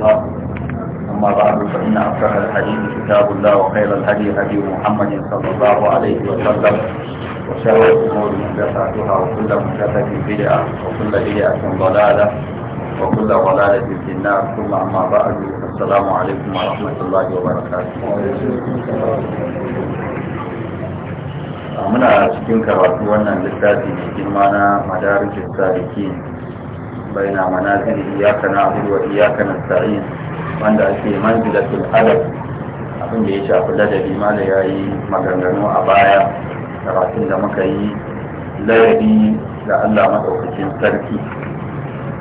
الله أما بعد فإن أصدق الحديث كتاب الله وخير الهدي هدي محمد صلى الله عليه وسلم وشر الأمور محدثاتها وكل محدثة بدعة وكل بدعة ضلالة وكل ضلالة في النار ثم أما بعد السلام عليكم ورحمة الله وبركاته muna cikin karatu wannan littafi mai girma na madarajar sariki بين منازل إياك نعبد وإياك نستعين wanda ake manzilatul adab abin da ya shafi ladabi ma da ya yi maganganu a baya karatun da muka yi ladabi ga Allah maɗaukacin sarki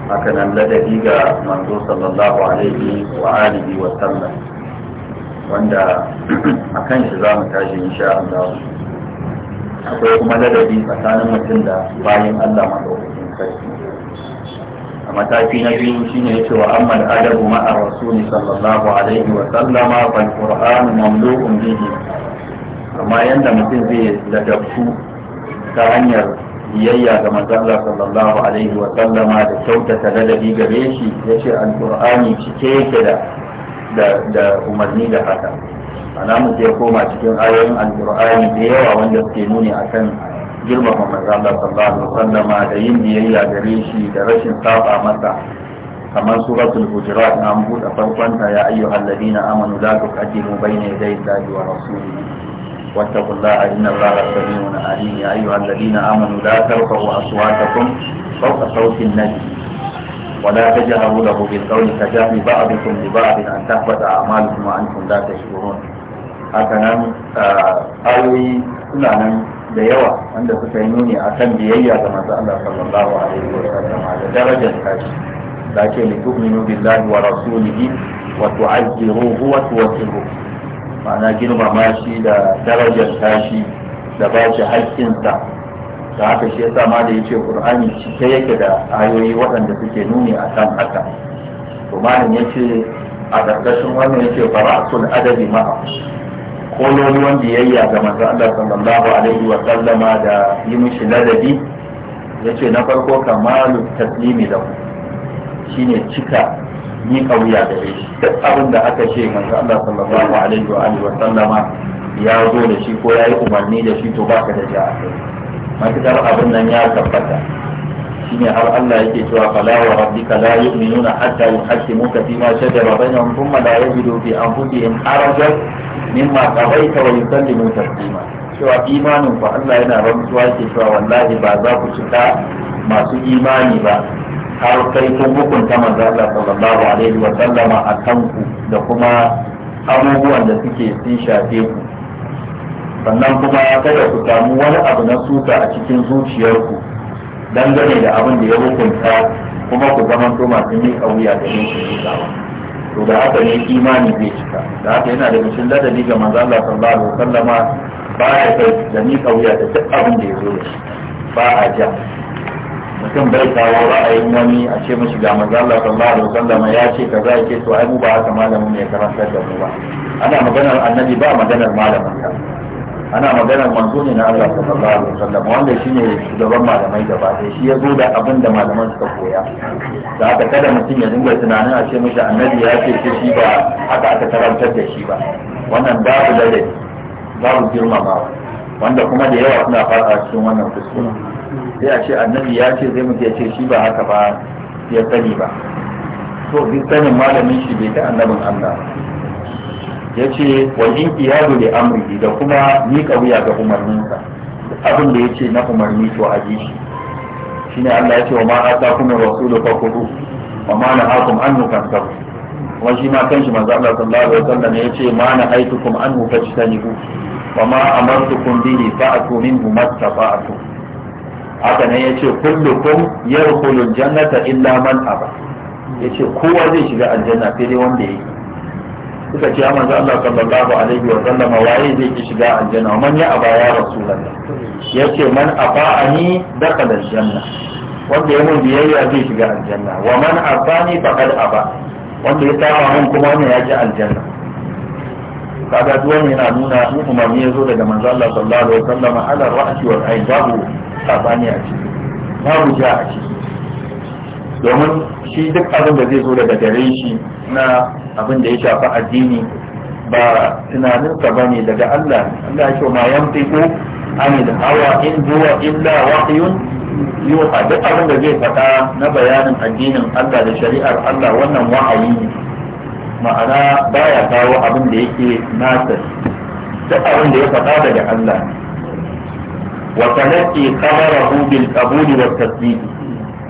haka ladabi ga manzo sallallahu alaihi wa alihi wa sallam wanda a kan shi za mu tashi insha Allah akwai kuma ladabi tsakanin mutum da bayan Allah maɗaukacin sarki mataki na biyu shine yace wa da adabu ma'a rasuli sallallahu alaihi wa sallama fal qur'an mamlu'un bihi amma yanda mutum zai ladabtu ta hanyar biyayya ga manzon sallallahu alaihi wa sallama da kyautata ladabi gare shi yace alqur'ani cike yake da da umarni da haka ana mu koma cikin ayoyin alqur'ani da yawa wanda suke nuni akan girmama manzo Allah sallallahu alaihi wasallama da yin biyayya gare shi da rashin saba masa kamar suratul hujurat an buɗe farkon ta ya ayyuhal ladina amanu la tuqaddimu bayna yaday Allahi wa rasulihi واتقوا الله إن الله سميع عليم يا أيها الذين آمنوا لا ترفعوا أصواتكم فوق صوت النبي ولا تجهروا له بالقول كجهر بعضكم لبعض أن تحبط أعمالكم وأنتم لا تشكرون هكذا آه آه آه آه da yawa wanda suka yi nuni a kan biyayya ga manzo Allah sallallahu alaihi wa sallam da darajar tashi da ce li tu'minu billahi wa rasulihi wa tu'azziruhu wa tuwaqqiruhu ma'ana girmama shi da darajar tashi da ba shi haƙƙinsa da haka shi yasa ma da yace Qur'ani cike yake da ayoyi waɗanda suke nuni a kan haka to malamin yace a ƙarƙashin wannan fara sun adabi ma'a Ko kololuwan biyayya ga manzo Allah sallallahu alaihi wa sallama da yi mishi ladabi yace na farko kamalu taslimi da ku. shine cika ni kauya da shi duk abin da aka ce manzo Allah sallallahu alaihi wa alihi wa sallama ya zo da shi ko yayi umarni da shi to baka da ja'a matukar abin nan ya tabbata shine har Allah yake cewa fala wa rabbika la yu'minuna hatta yuhaqqimuka fima shajara bainahum thumma la yajidu fi anfusihim harajan mimma qabaita wa yusallimu taslima cewa imanin ku Allah yana rantsuwa yake cewa wallahi ba za ku cika masu imani ba Kar kai kun hukunta manzo Allah sallallahu wa sallama akan ku da kuma abubuwan da suke sun ku sannan kuma kada ku samu wani abu na suka a cikin zuciyarku dangane da abin da ya hukunta kuma ku zama to masu miƙa wuya da yin shi to da haka ne imani zai cika da haka yana da cikin ladabi ga manzo Allah sallallahu alaihi wasallam ba ya da ni kauya da duk abin da ya zo da shi ba a ja mutum bai kawo ra'ayin wani a ce mishi ga manzo Allah sallallahu alaihi wasallam ya ce ka za ke to ai mu ba haka malamin ya karantar da mu ba ana maganar annabi ba maganar malamin ka ana maganar manzo ne na Allah sallallahu alaihi wasallam wanda shine shugaban malamai da ba shi ya zo da abin da malaman suka koya da aka kada mutum ya dinga tunanin a ce mishi annabi ya ce shi ba haka aka karantar da shi ba wannan babu dare babu girmamawa wanda kuma da yawa suna fara cikin wannan kuskure sai a ce annabi ya ce zai mutu ya ce shi ba haka ba ya sani ba to bi sanin malamin shi bai ta annabin Allah ya ce wajen iyadu da amri da kuma miƙa wuya ga umarninsa abin da ya ce na umarni to a ji shi shi ne Allah ya ce wa ma a ta kuma rasu da kwakwado wa ma na hakum an nukan sabu kuma shi ma kan shi manzo Allah sallallahu alaihi wasallam ya ce ma na aitukum an nukaci ta nihu wa ma amartukum bihi fa'atu minhu mastata'tu haka ne ya ce kullukum yadkhulul jannata illa man aba ya ce kowa zai shiga aljanna sai dai wanda ya yi suka ce ya manzo Allah sallallahu alaihi wa sallama waye zai ki shiga aljanna man ya aba ya rasulullah yace man afa'ani dakhala aljanna wanda ya mun biyayya zai shiga aljanna wa man afani faqad aba wanda ya tawa mun kuma ne ya aljanna kaga duk yana nuna mu umarni yazo daga manzo Allah sallallahu alaihi wa sallama ala ra'si wal ayn babu a ciki babu ja a ciki domin shi duk abin da zai zo daga gare shi na abin da ya shafa addini ba tunaninsa ba ne daga Allah Allah ya ce ma yamtiku ani da hawa in huwa illa wahyun yuha duk abin da zai faɗa na bayanin addinin Allah da shari'ar Allah wannan wa'ayi ne ma'ana baya kawo abin da yake nasa duk abin da ya faɗa daga Allah wa tanaqi qabarahu bil qabuli wat tasdiq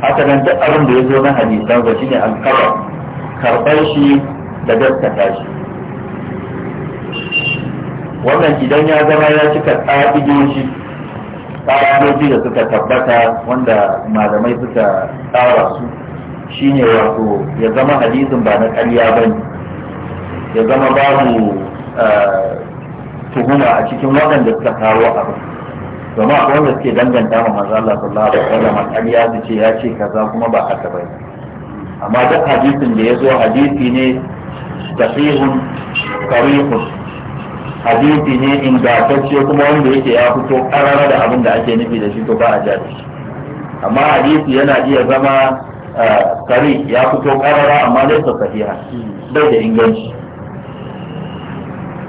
haka nan duk abin da ya zo na hadisan ba shine alkabar karɓar shi da gaskata shi wannan idan ya zama ya cika ƙa'idoji ƙa'idoji da suka tabbata wanda malamai suka tsara su shine wato ya zama hadisin ba na ƙarya ba ne ya zama babu eh, tuhuma a cikin waɗanda suka kawo abin domin a wanda suke danganta ma manzo Allah sallallahu alaihi wasallam ariya su ce ya ce kaza kuma ba haka ba amma duk hadisin da ya zo hadisi ne tasihun karihun hadisi ne ingantacce kuma wanda yake ya fito karara da abin da ake nufi da shi to ba a jari amma hadisi yana iya zama kari eh, ya fito karara amma dai sahiha bai da inganci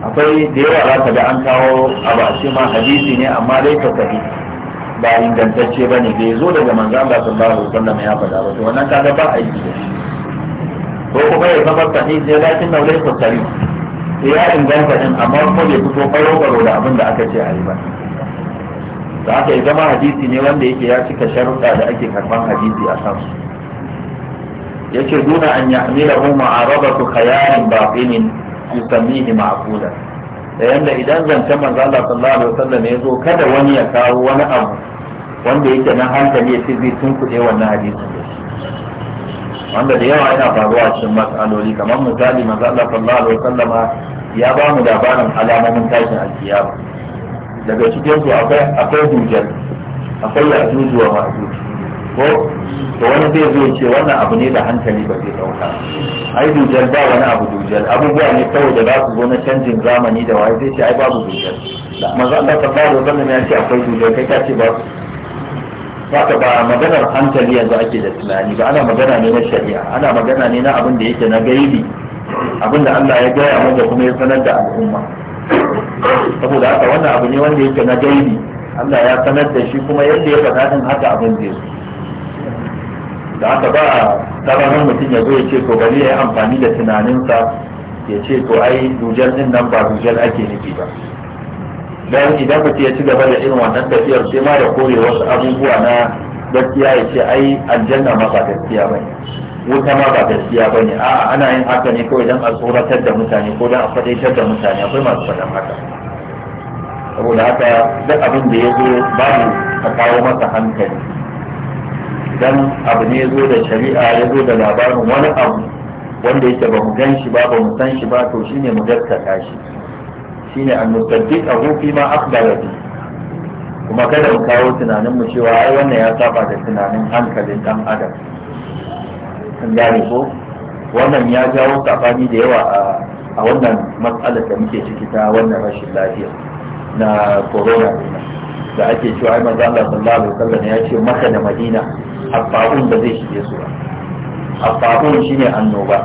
akwai da yawa za ka da an kawo ba a ma hadisi ne amma dai ka sahi ba ingantacce ba ne bai zo daga manzan ba su alaihi wasallam ya faɗa ba to wannan kaga ba aiki da shi ko kuma ya zama sahi ne na naulai ko sai ya inganta din amma kuma bai fito baro baro da abin da aka ce a yi ba da aka yi zama hadisi ne wanda yake ya cika sharuɗa da ake karɓan hadisi a kansu yake duna an ya'milahu ma'arabatu khayalin baqinin yusammihi ma'qula da yanda idan zancen manzo Allah sallallahu alaihi wasallam ya zo kada wani ya kawo wani abu wanda yake na hankali ya ce zai tunkuɗe wannan hadisin da shi wanda da yawa yana faruwa cikin matsaloli kamar misali manzo Allah sallallahu wasallama ya bamu mu labarin alamomin tashin alkiyama daga cikin su akwai akwai akwai yajuju wa ma'juj ko to wani zai zo ce wannan abu ne da hankali ba zai dauka ai dujal ba wani abu dujal abubuwa ne kawai da za su zo na canjin zamani da waye zai ce ai babu dujal manzo Allah sallallahu alaihi wannan ya ce akwai dujal kai ka ce ba haka ba maganar hankali yanzu ake da tunani ba ana magana ne na shari'a ana magana ne na abin da yake na gaibi abin da Allah ya gaya mana kuma ya sanar da al'umma saboda haka wannan abu ne wanda yake na gaibi Allah ya sanar da shi kuma yadda ya faɗa din haka abin zai da haka ba ƙaramin mutum ya zo ya ce to bari ya yi amfani da tunaninsa ya ce to ai dujal din nan ba dujal ake nufi ba dan idan mutum ya ci gaba da irin wannan tafiyar sai ma da kore wasu abubuwa na gaskiya ya ce ai aljanna ma ba gaskiya ba ne wuta ma ba gaskiya ba ne a'a ana yin haka ne kawai don a tsoratar da mutane ko don a faɗaitar da mutane akwai masu faɗan haka saboda haka duk abin da ya zo babu a kawo masa hankali dan abu ne zo da shari'a ya zo da labarin wani abu wanda yake ba mu gan shi ba ba mu san shi ba to shine mu gaskata shi shine an nusaddiq ahu fi ma akhbara bi kuma kada mu kawo tunanin mu cewa ai wannan ya saba da tunanin hankalin dan adam kun gane ko wannan ya jawo sabani da yawa a wannan matsalar da muke ciki ta wannan rashin lafiya na corona da ake cewa ai manzo Allah sallallahu alaihi wasallam ya ce maka da Madina abba'un ba zai shige su ba abba'un shine annoba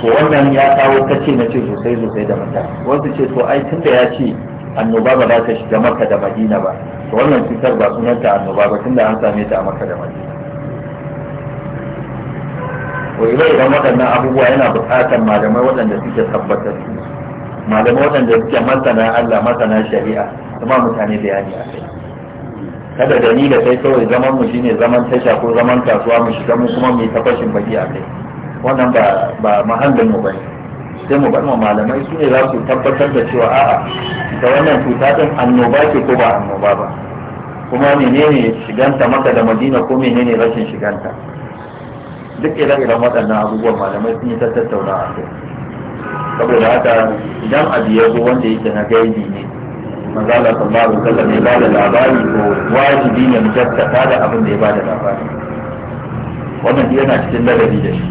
to wannan ya kawo kace na ce sosai sosai da mata wasu ce to ai tunda ya ce annoba ba za ta shiga maka da madina ba to wannan cutar ba sunanta annoba ba tunda an same ta a maka da madina wai bai idan waɗannan abubuwa yana buƙatar malamai waɗanda suke tabbatar su malamai waɗanda suke masana Allah masana shari'a kuma mutane bayani a kai kada dalila sai kawai zaman mu shine zaman tasha ko zaman kasuwa mu shiga mu kuma mu yi tafashin baki a kai wannan ba ba mahallin mu ne. sai mu bar mu malamai su ne za su tabbatar da cewa a'a da wannan cuta din annoba ce ko ba annoba ba kuma menene shiganta maka da madina ko menene rashin shiganta duk ire-iren waɗannan abubuwan malamai sun yi ta tattauna a kai saboda haka idan abu ya zo wanda yake na gaibi ne manzo sallallahu alaihi wasallam ya bada labari ko wajibi ne mu jaddata da abin da ya bada labari wannan yana cikin ladabi da shi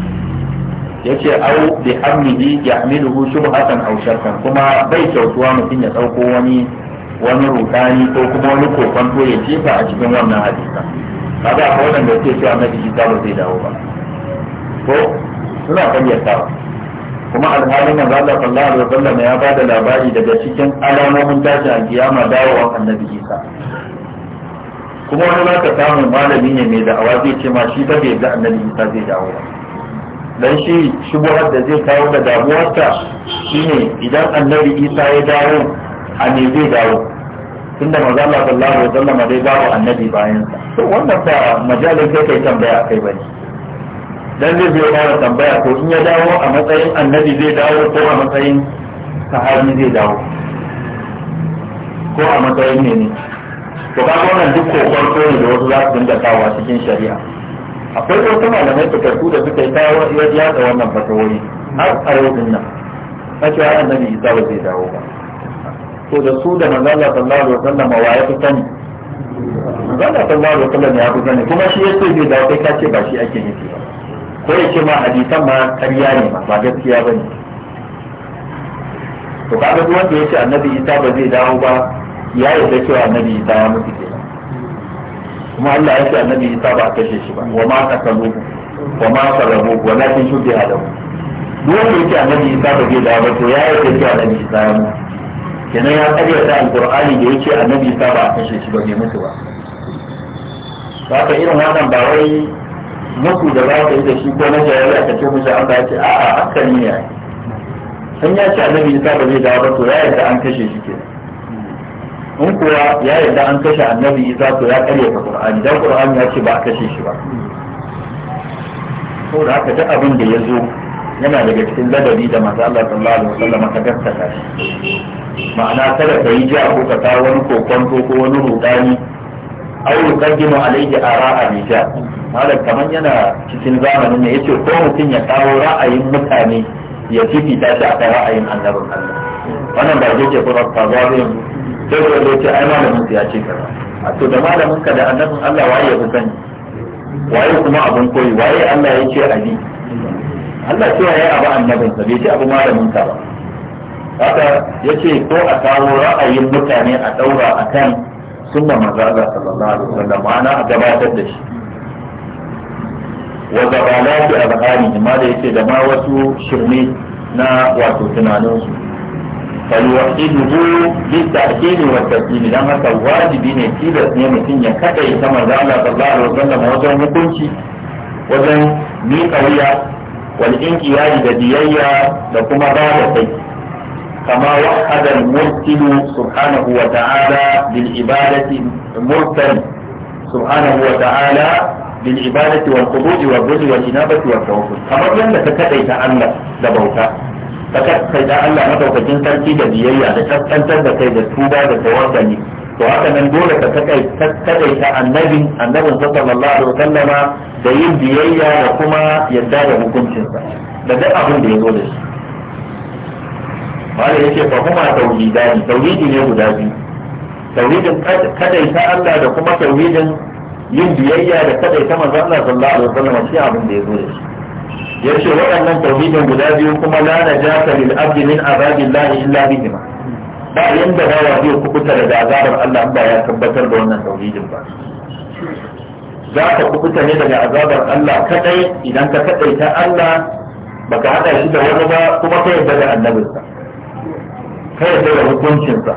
yace au bi hamdihi yahmiluhu shubhatan aw shakkan kuma bai kyautuwa mutum ya dauko wani wani rukani ko kuma wani kokonto ya jefa a cikin wannan hadisa kaga akwai wanda yake cewa annabi ba zai dawo ba ko suna ba. kuma alhalin manzo Allah sallallahu alaihi wasallam ya bada labari daga cikin alamomin tashin kiyama dawowa annabi Isa kuma wani za ka samu malami ne mai da'awa zai ce ma shi ba bai ga annabi Isa zai dawo ba dan shi shubuhar da zai kawo da damuwarsa shine idan annabi Isa ya dawo a me zai dawo tunda manzo Allah sallallahu alaihi wasallam dai babu annabi bayan sa to wannan ba majalin kai kai tambaya kai bane dan zai zai fara tambaya ko in ya dawo a matsayin annabi zai dawo ko a matsayin sahabi zai dawo ko a matsayin ne ne to ba wannan duk kokonto ne da wasu za su dinga kawo cikin shari'a akwai wasu malamai fitattu da suka yi kawo ya yada wannan fatawoyi har a yau din nan na cewa annabi isa ba zai dawo ba to da su da manzo Allah sallallahu alaihi wasallam wa ya fi sani manzo Allah sallallahu alaihi wasallam ya fi sani kuma shi yace zai dawo kai ka ce ba shi ake nufi ba ko ya ce ma hadisan ma karya ne ba gaskiya ba ne to kaga duk wanda ya ce annabi isa ba zai dawo ba ya yarda cewa annabi isa ya mutu ke kuma Allah ya ce annabi isa ba a kashe shi ba wa ma salo wa ma sarabu wa la shuke a adam duk wanda ya ce annabi isa ba zai dawo ba to ya yarda cewa annabi isa ya mutu kenan ya da alqur'ani da ya ce annabi isa ba a kashe shi ba bai mutu ba Ba ka irin wannan ba wai musu da za ka yi da shi ko na jayayya ka ce musu an ba ce a a hankali ne in ya ce annabi isa ba zai dawo ba to ya yarda an kashe shi ke in kuwa ya yarda an kashe annabi isa to ya karyata qur'ani dan qur'ani ya ce ba a kashe shi ba ko da haka duk abin da ya zo yana daga cikin ladabi da manzo Allah sallallahu alaihi wasallam ka gaskata shi ma'ana kada ka yi jiya ko ka kawo wani kokonto ko wani rudani au yuqaddimu alayhi ara'a bija malam kamar yana cikin zamanin ne yace ko mutum ya kawo ra'ayin mutane ya fifita shi akan ra'ayin annabin Allah wannan ba ke ce kuma ba za mu sai ko zai ce ai malamin ya ce kaza a to da malamin ka da annabin Allah waye ya fi sani waye kuma abun koyi waye Allah ya ce abi Allah cewa ya abu annabin sa bai ce abu malamin ka ba haka yace ko a kawo ra'ayin mutane a daura akan sunna manzo Allah sallallahu alaihi wasallam ma'ana a gabatar da shi wa zabalati a ma da yace da ma wasu shirme na wato tunaninsu. su falwahidu bi ta'kili wa tasmini dan haka wajibi ne tilas ne mutun ya kadai ta manzo Allah sallallahu alaihi wasallam wajen hukunci wajen mika wiya wal inqiyadi da biyayya da kuma ba da kai kama wa hada al subhanahu wa ta'ala bil ibadati murtan subhanahu bil ibadati wal quduji wal birri wal inabati wal tawakkul kamar yadda ka kadaita Allah da bauta ka kadaita Allah madaukakin sarki da biyayya da kaskantar da kai da tuba da tawakkali to haka nan dole ka kadaita annabin annabin sallallahu alaihi wasallama da yin biyayya da kuma yadda da hukuncinsa da duk abin da ya zo da shi wanda fa kuma ne Allah da kuma tauhidin yin biyayya da kadai ta manzon Allah sallallahu alaihi wasallam shi abin da ya zo da shi yace waɗannan tauhidin guda biyu kuma la najata lil abdi min azabillahi illa bihima ba yanda bawa biyu kubuta daga azabar Allah ba ya tabbatar da wannan tauhidin ba za ka kubuta ne daga azabar Allah kadai idan ka kadai ta Allah baka hada shi da wani ba kuma ka yarda da annabinsa ka yarda da hukuncinsa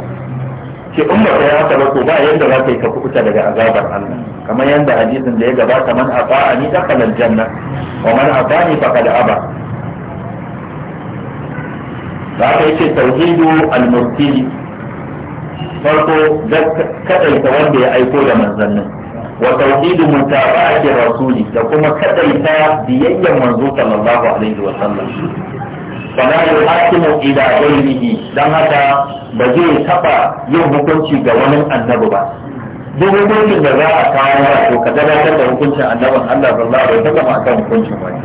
ce in ba kai haka ba ko ba yadda za ka yi ka kubuta daga azabar Allah kamar yadda hadisin da ya gabata man afa'a ni dakhala aljanna wa man afani faqad aba da aka yace tauhidu al-murtili farko kadaita wanda ya aiko da manzannin wa tauhidu mutaba'ati rasuli da kuma kadaita biyayyan manzo sallallahu alaihi wa sallam fala yuhakimu ila ghayrihi dan haka ba zai taba yin hukunci ga wani annabi ba duk hukuncin da za a kawo to ka gabatar da hukuncin annabin Allah sallallahu alaihi wasallam akan hukuncin wani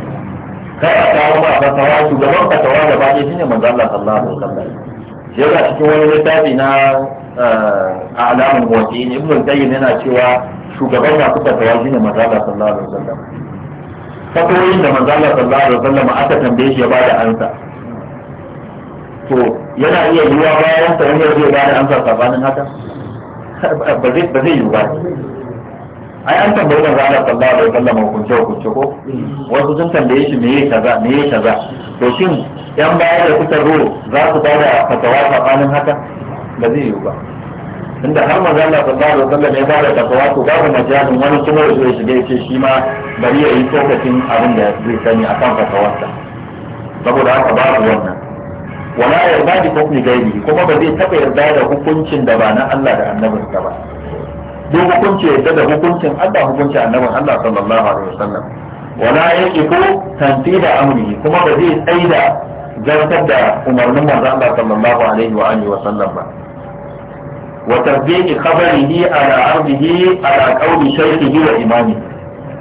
kar a kawo ba fatawa shugaban fatawa da ba shine manzo Allah sallallahu alaihi wasallam yana cikin wani littafi na a alamun waje ne ibn qayyim yana cewa shugaban ya masu fatawa shine manzo Allah sallallahu alaihi wasallam fatawoyin da manzo Allah sallallahu alaihi wasallam aka tambaye shi ya bada ansa to yana iya yiwuwa bayan ta wani zai bada amsa sabanin haka ba zai ba zai yiwu ba ai an tambayi manzo Allah sallallahu alaihi wasallam hukunce hukunce ko wasu sun tambaye shi me yake kaza me yake kaza to shin yan bayan da kuka ruwa za su ba da fatawa sabanin haka ba zai yiwu ba inda har manzo Allah sallallahu alaihi wasallam ya ba da fatawa to babu majalin wani kuma ya zo ya shiga yace shi ma bari ya yi tokacin abin da zai sani akan fatawarsa saboda haka babu wannan wala yarda bi hukmi gairi kuma ba zai taba yarda da hukuncin da ba na Allah da annabin ka ba duk hukunci yarda da hukuncin Allah hukuncin annabin Allah sallallahu alaihi wasallam wala yaqifu tanfida amri kuma ba zai tsaida zartar da umarnin manzo Allah sallallahu alaihi wa alihi wasallam ba wa tarbiyi khabarihi ala ardihi ala qawli shaykhihi wa imami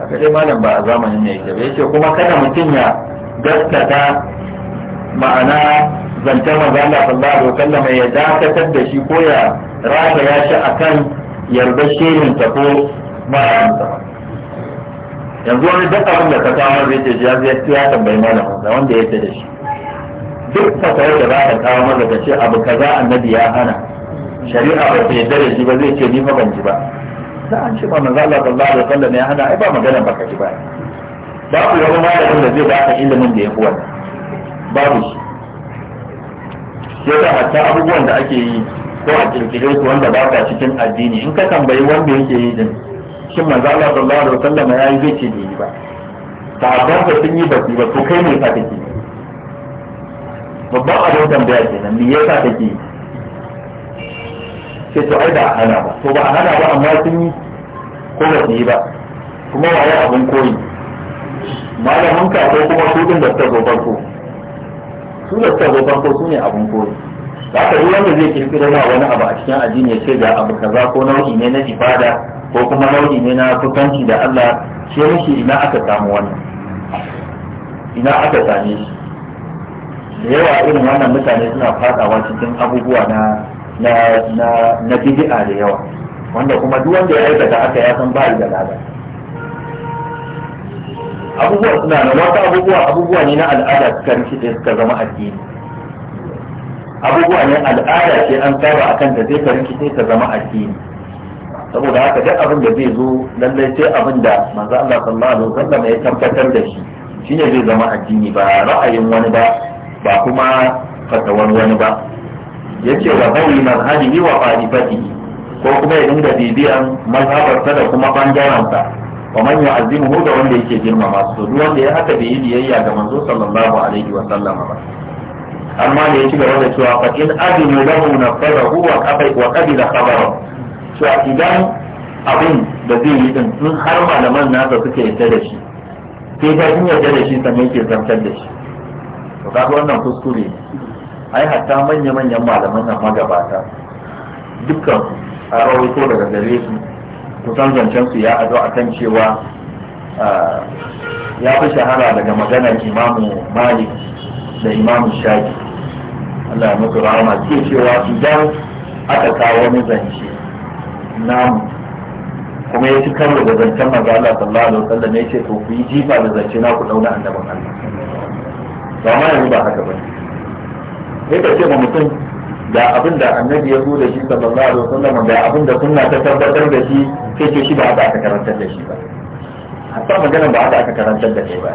aka dai malam ba a zamanin ne yake ba yace kuma kada mutum ya gaskata ma'ana zancen manzo Allah sallallahu alaihi wasallam ya dakatar da shi ko ya rata ya shi akan yarda shehin ta ko malamin yanzu wani duk abin da ka kawo zai ce ya zai ya tambayi malamin da wanda yake da shi duk fatawar da za ka kawo maza ka ce abu kaza annabi ya hana shari'a ba ta yarda da shi ba zai ce ni fa ban ji ba da an ce ba manzo Allah sallallahu alaihi wasallam ya hana ai ba magana baka ji ba babu wani malamin da zai baka ilimin da ya fi wannan babu shi yasa hatta abubuwan da ake yi ko a kirkire su wanda ba ta cikin addini in ka tambayi wanda yake yi din shin manzo Allah sallallahu alaihi wasallam ya yi zai ce bai ba sahabban da sun yi ba ba to kai ne ka take babban abin tambaya kenan me yasa take sai to ai a hana ba to ba hana ba amma sun yi ko ba su yi ba kuma waye abin koyi malamin ka ko kuma su din da ta zo farko su da suka zo farko su ne abin koyi da aka yi wanda zai kirkiro na wani abu a cikin addini ya ce da abu kaza ko nau'i ne na ibada ko kuma nau'i ne na kusanci da Allah ce mishi ina aka samu wannan ina aka same shi da yawa irin wannan mutane suna fadawa cikin abubuwa na na na bid'a da yawa wanda kuma duk wanda ya aikata aka ya san ba da lada abubuwa suna da wata abubuwa abubuwa ne na al'ada suka rikice suka zama addini abubuwa ne al'ada ce an saba kan da zai ka rikice ta zama addini saboda haka duk abin da zai zo lallai sai abin da manzo Allah sallallahu alaihi wasallam ya tabbatar da shi shine zai zama addini ba ra'ayin wani ba ba kuma fatawan wani ba yace wa man hadi wa fa'ifatihi ko kuma ya dinga bibiyan ta da kuma bangaren wa man yu'azzimuhu da wanda yake girmama to duk wanda ya haka da yi biyayya ga manzo sallallahu alaihi wa sallama ba amma da ya ci gaba da cewa fa in adinu lahu nafadahu wa qabai wa qabila khabara cewa idan abin da zai yi din sun har malaman nasa suke yadda da shi sai ta sun yadda da shi sannan ke zantar da shi to wannan kuskure ai hatta manya-manyan malaman nan magabata dukkan a rawaito daga gare su kusan zancensu ya ado a kan cewa ya fi shahara daga maganar imamu malik da imamu shafi allah ya mutu rahama ke cewa idan aka kawo wani zance namu kuma ya ci karo da zancen maza Allah sallallahu alaihi wasallam ya ce to ku yi jifa da zance na ku dauna annabin Allah ba ma yanzu ba haka ba ne sai ka ce ma mutum da abin da annabi ya da shi sallallahu alaihi wasallam da abin da sunna ta tabbatar da shi sai ce shi ba haka aka karantar da shi ba hatta maganar ba haka aka karantar da kai ba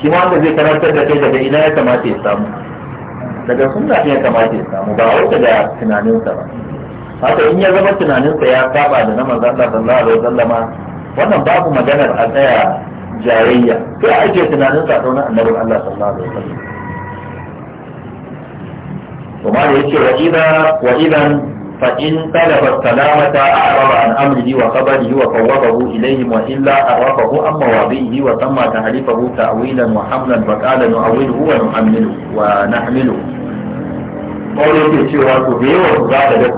shi ma wanda zai karantar da kai daga ina ya kamata ya samu daga sunna ya kamata ya samu ba wata da tunaninsa ba haka in ya zama tunaninsa ya saba da na manzon Allah sallallahu alaihi wasallama wannan babu maganar a tsaya jayayya sai ake tunaninsa sa na annabi Allah sallallahu alaihi wasallam وما يجي وإذا وإذا فإن طلب السلامة أعرض عن أمره وخبره وفوضه إليهم وإلا أعرفه عن مواضيه وسمى تحليفه تأويلا وحملا فقال نؤوله ونحمله ونحمله قول يجي يجي وأكبر وزاد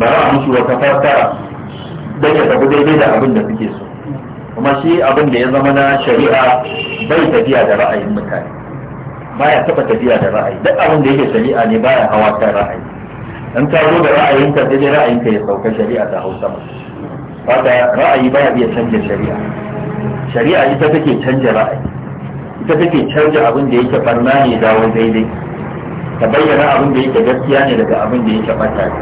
za a musu wata fassara don ya tafi daidai da abin da suke so kuma shi abin da ya zama na shari'a bai tafiya da ra'ayin mutane baya taba tafiya da ra'ayi duk abin da yake shari'a ne baya hawa ta ra'ayi in ka zo da ra'ayinka daidai dai ra'ayinka ya sauka shari'a ta hausa ba haka ra'ayi baya iya canja shari'a shari'a ita take canja ra'ayi ita take canja abin da yake farna ne dawo daidai ta bayyana abin da yake gaskiya ne daga abin da yake bata ne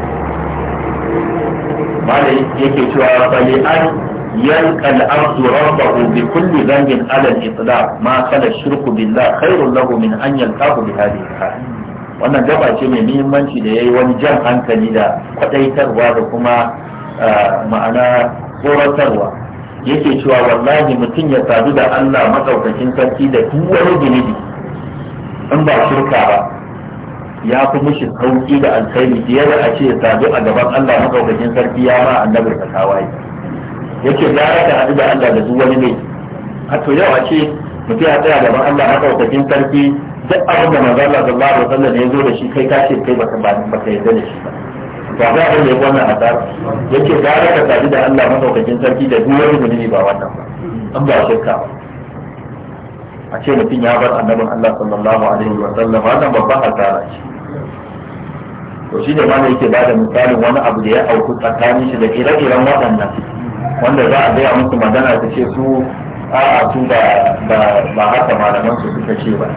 malai yake cewa bali an يلقى الأرض kulli بكل ذنب على الإطلاق ma kala shirku بالله خير له من أن يلقاه bi الحال wannan gaba ce mai muhimmanci da ya yi wani jan hankali da kwadaitarwa da kuma ma'ana tsoratarwa yake cewa wallahi mutum ya sadu da Allah matsaukakin sarki da duk wani zunubi in ba shirka ba ya fi mishi sauki da alkhairi fiye da a ce sadu a gaban Allah madaukakin sarki ya ma annabi ka tawaye yace da ya raka hadu da Allah da duk wani ne a to yau a ce mutum ya tsaya gaban Allah madaukakin sarki duk abin da manzo Allah sallallahu alaihi wasallam ya zo da shi kai ka ce kai baka baka yarda da shi ba ba za a yi wannan asar yace da ya raka sadu da Allah madaukakin sarki da duk wani mutum ba wannan ba an ba shirka a ce mutum ya bar annabin Allah sallallahu alaihi wasallam wannan babban asara ce to shi ne mana yake bada misalin wani abu da ya auku tsakanin shi da ire-iren waɗannan wanda za a gaya musu magana ta ce su a'a su ba haka malaman su suka ce ba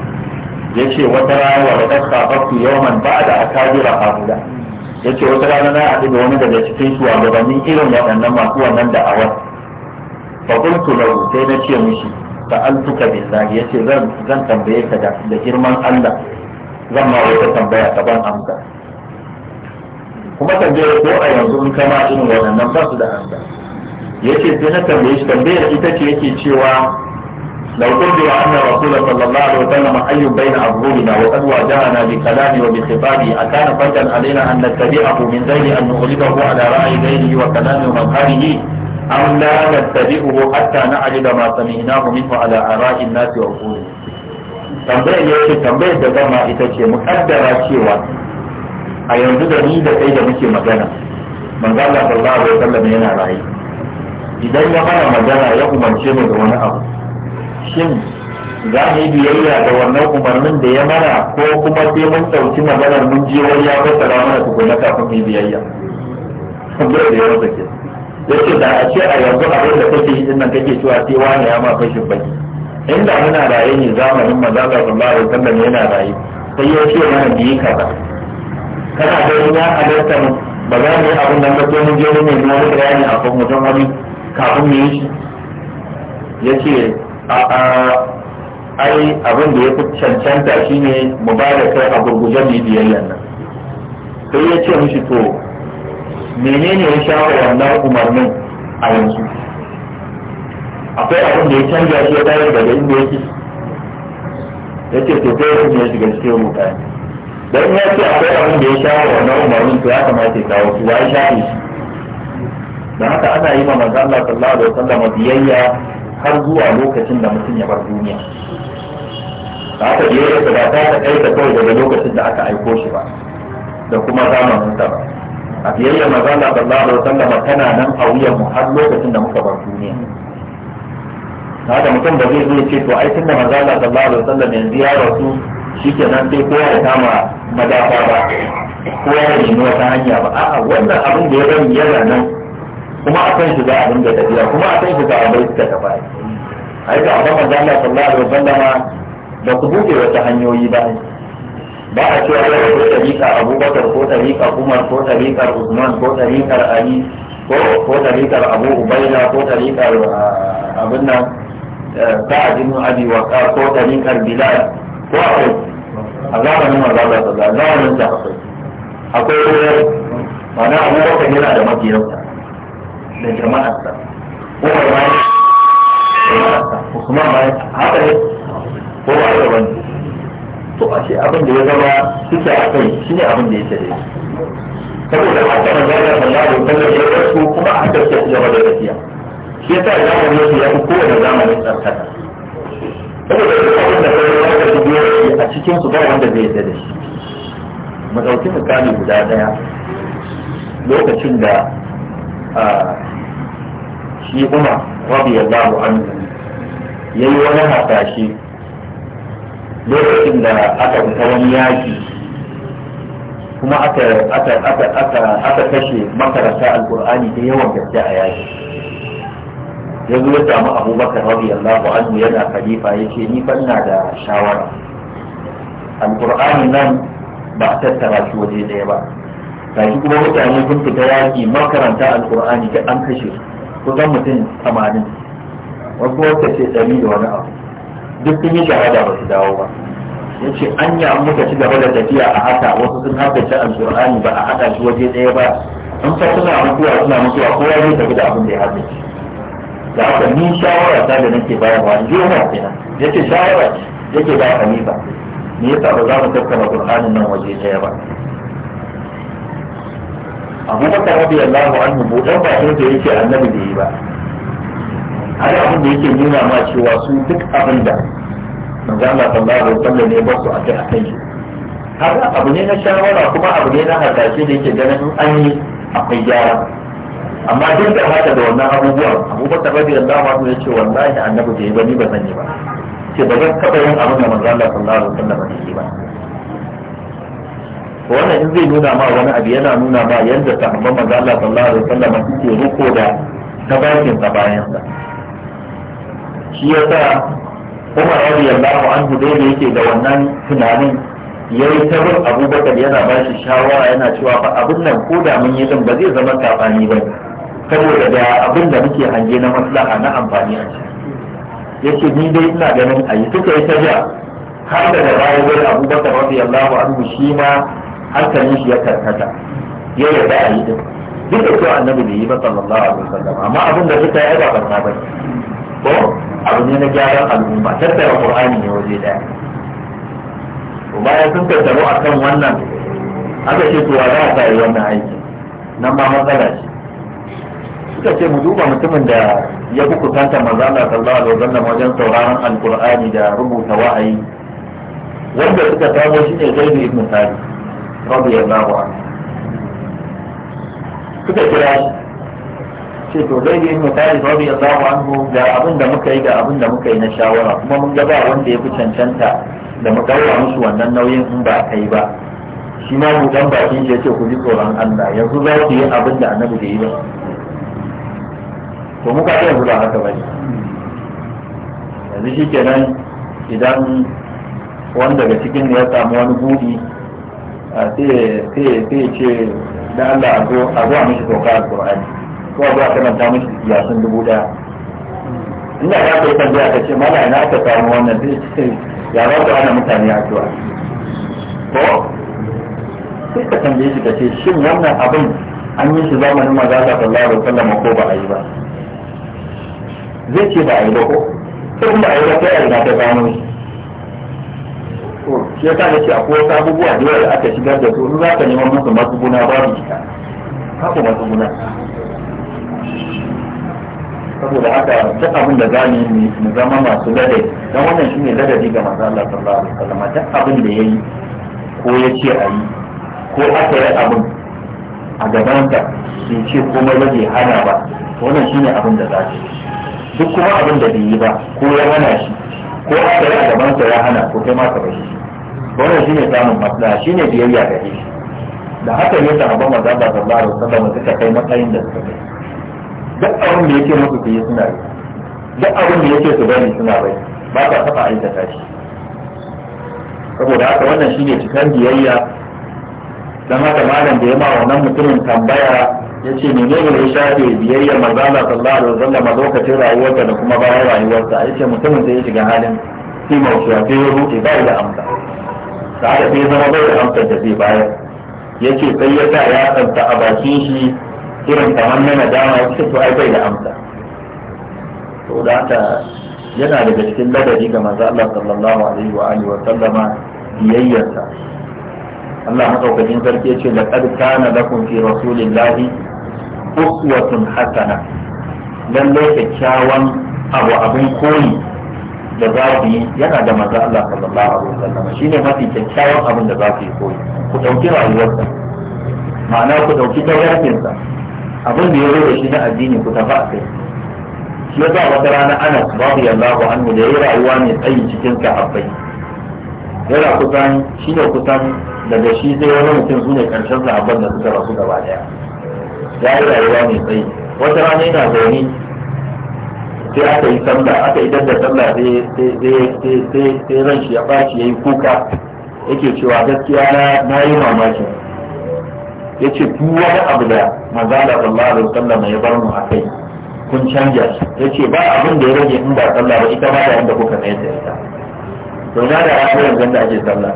ya ce wata rana wa da sababtu yawman ba da akabira haula ya ce wata rana na haɗu da wani daga cikin shugabannin irin waɗannan masu wannan da'awar fa qultu lahu sai na ce mishi sa'altuka billahi yace zan zan tambaye ka da girman Allah zan ma wata tambaya ka ban amsa kuma tambayar ko a yanzu in kama irin waɗannan ba su da ansa yace sai na tambaye shi tambayar ita ce yake cewa لو قلت أن رسول صلى الله عليه وسلم حي بين أظهرنا وقد واجهنا بكلامه وبخطابه أكان فرجا علينا أن نتبعه من غير أن نغلبه على رأي غيره وكلامه ومظهره أم لا نتبعه حتى نعرض ما سمعناه منه على آراء الناس وعقولهم tambayar ya ce tambayar da dama ita ce mukaddara cewa a yanzu da ni da kai da muke magana manzala sallallahu alaihi wasallam yana raye. idan ya fara magana ya umarce mu da wani abu shin za mu yi biyayya da wannan umarnin da ya mana ko kuma sai mun sauki maganar mun je wani ya fassara mana tukuna kafin mu yi biyayya dole da ya rasa ke yace da a ce a yanzu abin da kake yi din nan kake cewa sai wani ya ma fashin baki inda muna raye ne zamanin manzala sallallahu alaihi wasallam yana raye sai ya ce mana biyi kaza kana ganin ya halatta mu ba za mu yi abin da kake mun je mun yi wani bayani a kan mutum wani kafin mu yi shi ya ce a ai abin da ya fi cancanta shine mu ba da kai a gurguje mu yi biyayyan nan sai ya ce mishi to menene ya shafa wannan umarnin a yanzu akwai abin da ya canja shi ya tare daga inda yake ya ce to sai ya shiga cikin mutane don ya ce akwai abin da ya wa wannan umarnin to ya kamata ya kawo suwa ya shafe shi da haka ana yi ma manzo Allah sallallahu alaihi wasallam biyayya har zuwa lokacin da mutum ya bar duniya da haka biyayya ba ta ta kai ta kawai daga lokacin da aka aiko shi ba da kuma zamanin sa ba a biyayya manzo Allah sallallahu alaihi wasallam tana nan a wuyan mu har lokacin da muka bar duniya da mutum ba zai zo ce to ai tunda manzo Allah sallallahu alaihi wasallam yanzu ya rasu shi ke nan sai kowa ya kama madafa ba kowa ya nemi wata hanya ba a'a wannan abin da ya bari yana nan kuma a kan shiga abin da tafiya kuma a kan shiga za a bai suka tafi ai ga abin manzo Allah sallallahu alaihi wasallam ba ku buɗe wata hanyoyi ba ba a cewa ya ko tariƙa Abubakar ko tariƙa Umar ko tariƙar Usman ko tariƙar Ali ko tariƙar Abu Ubaida ko tariƙar ah, abin nan eh, sa'adin Abi Waqqas ko tariƙar Bilal ko akwai a zamanin manzo Allah sallallahu alaihi zamanin da akwai akwai ruwa ma'ana abubakar yana da mabiyarsa da jama'arsa umar ma yana jama'arsa usman ma haka ne ko ba haka bane to a ce abin da ya zama suke akai shine abin da yake da shi saboda haka manzo Allah sallallahu alaihi wasallam ya rasu kuma haka sai ya gaba da tafiya shi yasa zamanin su ya fi kowane zamanin tsarkaka saboda duk abin da kai ya ka a cikin su ba wanda zai yadda da shi mu ɗauki misali guda ɗaya lokacin da shi umar radiyallahu ya yi wani hasashe lokacin da aka fita wani yaƙi, kuma aka kashe makaranta Alƙur'ani ta yawan gaske a yaƙi. ya zo ya samu abubakar radiyallahu anhu yana khalifa yake ce ni fanna da shawara alƙur'ani nan ba a tattara shi waje ɗaya ba gashi kuma mutane sun fita yaki makaranta alƙur'ani ta an kashe kusan mutum tamanin wasu wata ce ɗari da wani abu duk sun yi shahada ba su dawo ba ya ce anya an muka ci gaba da tafiya a haka wasu sun haddace alƙur'ani ba a haɗa shi waje ɗaya ba in fa suna mutuwa suna mutuwa kowa zai tafi da abin da ya haddace da haka ni shawara ta da nake bayarwa juma kenan yace shawara ce yake ba hanifa me yasa ba za mu tattauna qur'anin nan waje daya ba abubakar rabi allahu anhu buɗan bakin da yake annabi da yi ba har abin da yake nuna ma cewa su duk abin da manzo Allah sallallahu alaihi wasallam ne ba su akai akai shi har abu ne na shawara kuma abu ne na hasashe da yake ganin an yi akwai gyara amma duk da haka da wannan abubuwan abubakar radiyallahu ya ce wallahi annabi bai bani ba zan ba ce ba zan taɓa yin abin da manzo Allah sallallahu alaihi wasallam ya yi ba wannan in zai nuna ma wani abu yana nuna ma yadda sahabban manzo Allah sallallahu alaihi wasallam suke ruko da tabakin sa bayan sa shi yasa Umar radiyallahu anhu dai da yake da wannan tunanin yayi ta Abubakar yana ba shi shawara yana cewa ba abin nan ko da mun yi din ba zai zama kafani ba saboda da abin da muke hange na maslaha na amfani a ciki ce ni dai ina ganin a suka yi ita ja har da baya zai abubakar yallahu anhu shi ma hankali shi ya karkata ya yarda ayi din duk da cewa annabi bai yi ba sallallahu alaihi wasallam amma abin da suka yi ba barna bane ko abu ne na gyaran al'umma tattara qur'ani ne waje daya to bayan sun tattaro akan wannan aka ce to wa za a sa wannan aiki nan ma matsala ce suka ce mu duba mutumin da ya fi kusanta manzana sallallahu alaihi wasallam wajen sauraron alqur'ani da rubuta wa'ayi wanda suka samo shi ne zaidu ibn sari radiyallahu anhu suka kira shi ce to zaidu ibn sari radiyallahu anhu ga abin da muka yi ga abin da muka yi na shawara kuma mun ga ba wanda ya fi cancanta da mu daura musu wannan nauyin in ba kai ba shi ma mu dan bakin shi ya ce ku ji tsoron Allah yanzu za ku yi abin da annabi da yi ba to muka ce yanzu ba haka bane yanzu shi kenan idan wanda daga cikin ya samu wani buɗi sai ce da Allah a zo a zuwa mishi sauka a Qur'ani ko a zuwa mashi mishi yasin dubu daya inda ya kai tambaya ka ce mala ina aka samu wannan zai ce ya ba ana mutane a zuwa ko sai ka tambaye shi ka ce shin wannan abin an yi shi zamanin maza sallallahu alaihi wasallam ko ba a yi ba zai ce ba a yi ba ko sai ba a yi ba sai a riga ta gano shi shi yasa nake akwai wasu abubuwa da yawa da aka shigar da su in za ka nema musu matsuguna babu ita haka guna saboda haka duk abin da za mu mu zama masu ladabi dan wannan shine ladabi ga manzo Allah sallallahu alaihi wasallam duk abin da yayi ko ya ce a yi ko aka yi abin a gaban ka bai ce komai ba bai hana ba wannan shine abin da za ka yi duk kuma abin da bai yi ba ko ya hana shi ko aka yi a sa ya hana ko kai ma ka bashi shi wannan shine samun matsala shine biyayya ga shi da haka ne sahabban manzo ba sallallahu alaihi wasallam suka kai matsayin da suka kai duk abin da yake musu kuyi suna yi duk abin da yake su bari suna bari ba ka taba aikata shi saboda haka wannan shine cikan biyayya dan haka malam da ya ma wannan mutumin tambaya ya ce menene ya shafe biyayya manzala sallallahu alaihi wasallam a lokacin rayuwarsa da kuma bayan rayuwarsa ya ce mutumin sai ya shiga halin fi mawshiya sai ya rufe ba da amsa da haka sai zama bai da amsa da zai bayar ya ce sai ya sa ya tsanta a bakin shi irin kamar na nadama ya ce to ai bai da amsa to da haka yana daga cikin ladabi ga manzo Allah sallallahu alaihi wa alihi wa sallama biyayyarsa Allah madaukakin sarki ya ce laqad kana lakum fi rasulillahi uswatun hasana Lallai kyakkyawan abu abin koyi da za ku yi yana da maza Allah sallallahu alaihi wasallam ne mafi kyakkyawan abin da za ku yi koyi ku ɗauki rayuwarsa ma'ana ku ɗauki tawarkinsa abin da ya zo da shi na addini ku tafi a kai shi yasa wata rana Anas ku hannu da ya yi rayuwa mai tsayi cikin sahabbai yana kusan shi ne kusan daga shi sai wani mutum su ne karshen sahabban da suka rasu gaba daya ya yi rayuwa mai tsayi wata rana yana zaune sai aka yi sanda aka idan da sallah sai ran shi ya ɓaci ya yi kuka yake cewa gaskiya na yi mamaki ya ce duk wani abu da manzala sallallahu alaihi wasallam ya bar mu a kai kun canja shi ya ce ba abin da ya rage in ba sallah ba ita ba da yanda kuka mai da ita to na da rayuwar da ake sallah